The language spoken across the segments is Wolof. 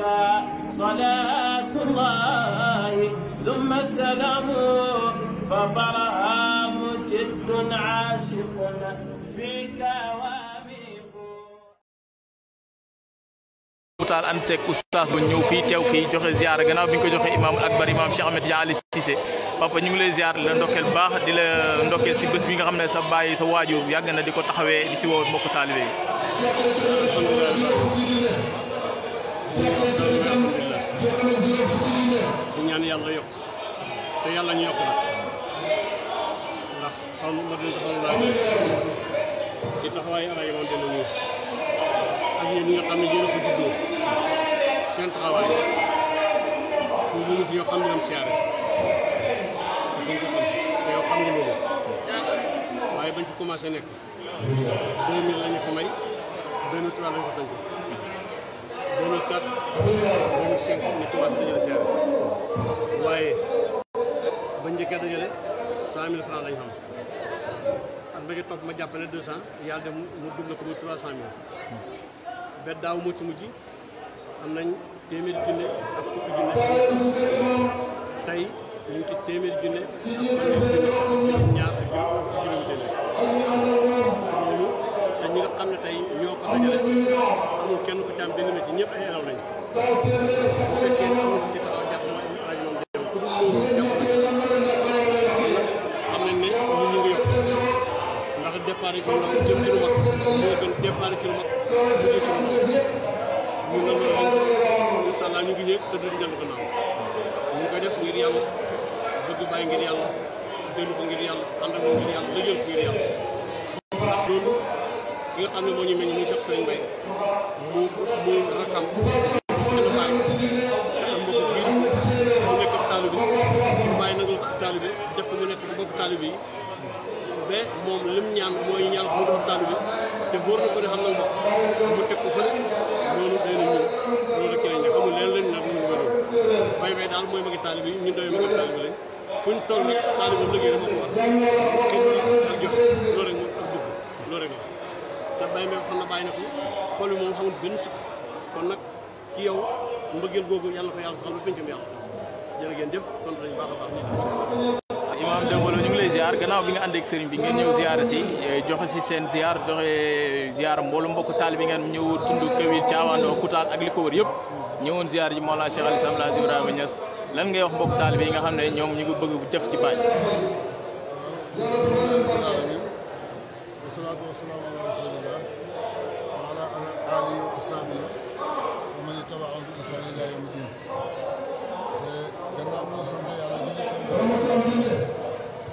عليك taal am seek oustaz bu ñëw fii teew fii joxe ziar gannaaw bi ñu ko joxe imaamul akbar imaam Cheikh Ahmed Tidiane Ali Cissé papa ñu lay ziar la ndokkeel baax di la ndokkeel si bés bi nga xam ne sa bàyyi sa waajur yàgg na di ko taxawee di si woo mbokk taalibe di ñaan yàlla yokk te yàlla ñu yokk nag ndax xaw ma dina taxaw laa ci taxawaayu ala nga xam ne yéen ko juddoo seen taxawaay foofu ñu fi yoo xam ne am te yow xam nga loolu waaye bañ fi commencé nekk 2000 la ñu may 2003 la ñu ko sañ commencé dajale seere waaye ba njëkkee dajale cent mille francs lañ xam at ba topp ma jàppale deux cent yàlla dem mu double ko mu trois cent mille ba daaw moo ci mujj am nañ téeméeri junne ak fukki junne tey ñu ngi ci téeméeri junne ak junne ñaar juróomi téeméer loolu te ñi nga xam ne tey ñoo ko dajale amul kenn ku ci am benn métier ñëpp ay elaw lañ départ ci lu jëm ci lu mag gën départ ci lu mag jëm ci lu ñu ngi ñëpp te duñ dellu def ngir yàlla bëgg bàyyi ngir yàlla dellu ko ngir yàlla ànd ak ngir yàlla lëjël ko ngir yàlla. ndax loolu ki nga xam ne moo ñu meññ muy Cheikh Serigne Mbaye mu muy rakam. moom lim ñaan mooy ñaan ko mu doon tànn bi te wóor na ko ne xam nañ ko mu teg ko fële loolu day na ñun loolu rek ne xamul leen lañ nag ñu wéroon bay bay daal mooy magi taalibe yi ñun dawee magi taalibe lañ fu ñu toll nag taalibe liggéey rek moo ko war na ak joxe loolu bi moom xamul benn sikk kon nag ci yow mbëggeel googu yàlla ko yàlla saxal ba pencam yàlla jërë ngeen jëf kon dañ baax a baax ñu am imaam Demba Lo ñu ngi lay ziar gannaaw bi nga ànd ak sëriñ bi ngeen ñëw si eh, joxe si seen ziar joxe ziar mboolu mbokk taal bi ngeen ñëw tund Kawir Caawaandoo Kutaat ak li ko wër yëpp ñëwoon ziar ji Mawlana Cheikh Al Islam Laaj Ibrahima lan ngay wax mbokk taal bi nga xam ne ñoom ñu ngi bëgg bu jëf ci bañ.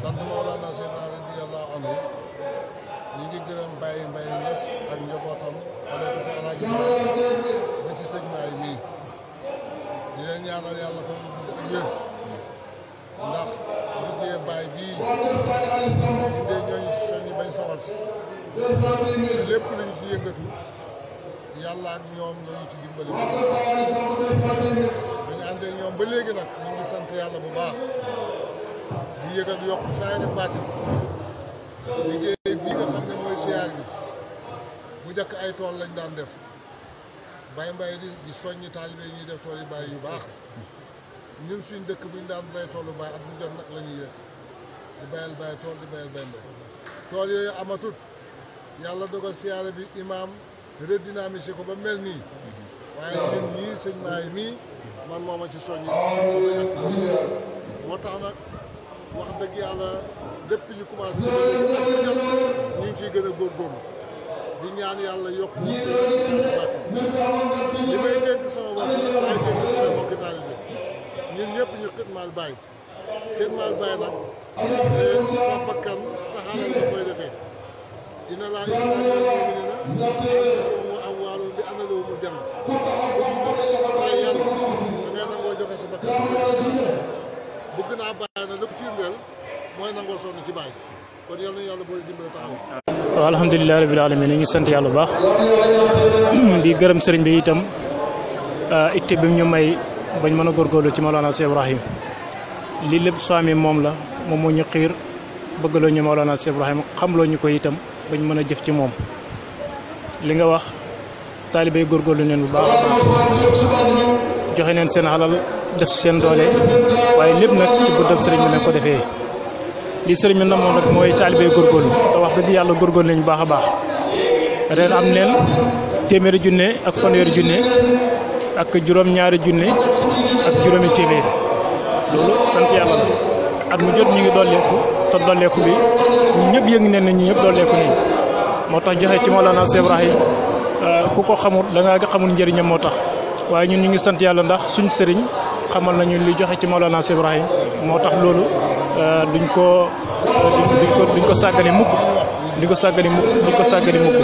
sant Mawlana Seydina radiyallahu anhu ñi ngi gërëm Baye Mbaye Niass ak njabootam xale bi ci alaaji ba ci sëñ mii di ñaanal yàlla fa mu wér lépp lañu si yëngatu yàlla ak ñoom ñooñu ci dimbali bañu àndee ñoom ba léegi nag ñu ngi sant yàlla bu baax di yëg ak yokk saa yéene baatin liggéey bii nga xam ne mooy siyaar bi bu njëkk ay tool lañ daan def bay mbay di di soññi ñuy def tool yi bay yu baax ñun suñ dëkk bu ñu daan bay toolu bay at bu jot nag la yëf di bayal bay tool di bayal bay mbay tool yooyu amatut yàlla dogal siyaare bi imaam redynamisé ko ba mel nii waaye ñun ñii sëñ maay mii man mooma ci soññi moo tax nag wax dëgg yàlla depuis ñu commencé ñu ngi ciy gën a góorgóorlu di ñaan yàlla yokk li may dénk sama bopp li may dénk sama mbokki taalibe ñun ñëpp ñu xidmaal bàyyi xidmaal bàyyi nag eh, sa bakkan sa la koy defee dina laa na mu am waalo bi analoo mu jàng nangoo joxe sa bakkan bëgg naa mooy nangoo sonn ci bàyyi ñu ngi sant yàlla bu baax di gërëm sëriñ bi itam uh, itte bi ñu may bañ mën a góorgóorlu ci Maolana Cheikh Ibrahim lii lépp soo amee moom la moom moo ñu xiir bëggaloo ñu Maolana Cheikh Ibrahim xamloo ñu ko itam bañ mën a jëf ci moom li nga wax taalibe yi góorgóorlu neen bu baax joxe neen seen xalal def seen doole waaye lépp nag ci bu def sëriñ bi ne ko defee li sëriñ bi namoon rek mooy taalibe góorgóorlu te wax dëgg yàlla góorgóorlu nañu baax a baax ren am neen téeméeri junné ak fanweeri junne ak juróom-ñaari junne ak juróomi téeméeri loolu sant yàlla la at mu jot ñu ngi dolleeku te dolleeku bi ñëpp yëngu ne ne ñu ñëpp dolleeku nañ moo tax joxe ci Mawlana Cheikh Ibrahim ku ko xamul da ngaa xamul njëriñam moo tax. waaye ñun ñu ngi sant yàlla ndax suñ sëriñ xamal nañu li joxe ci Maolana Cheikh Ibrahim moo tax loolu euh, duñ ko duñ ko sàggane mukk duñ ko sàggane mukk duñ ko sàggane mukk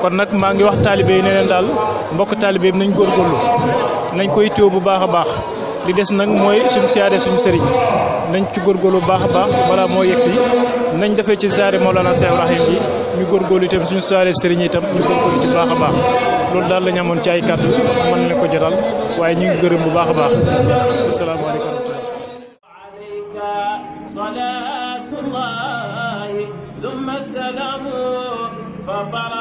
kon nag maa ngi wax taalibe yi ne leen daal mbokk taalibee yi nañ góorgóorlu nañ koy téew bu baax baax li des nag mooy suñ siyaare suñu sëriñ nañ ci góor góorgóorlu baax a baax balaa moo yegg si nañ defee ci siyaare Mawlana Cheikh Ibrahim bi ñu góorgóorlu itam suñu siyaare sëriñ itam ñu góorgóorlu ci baax a baax loolu daal la ñu amoon ci ay kàddu mën na ko jotal waaye ñu ngi gërëm bu baax a baax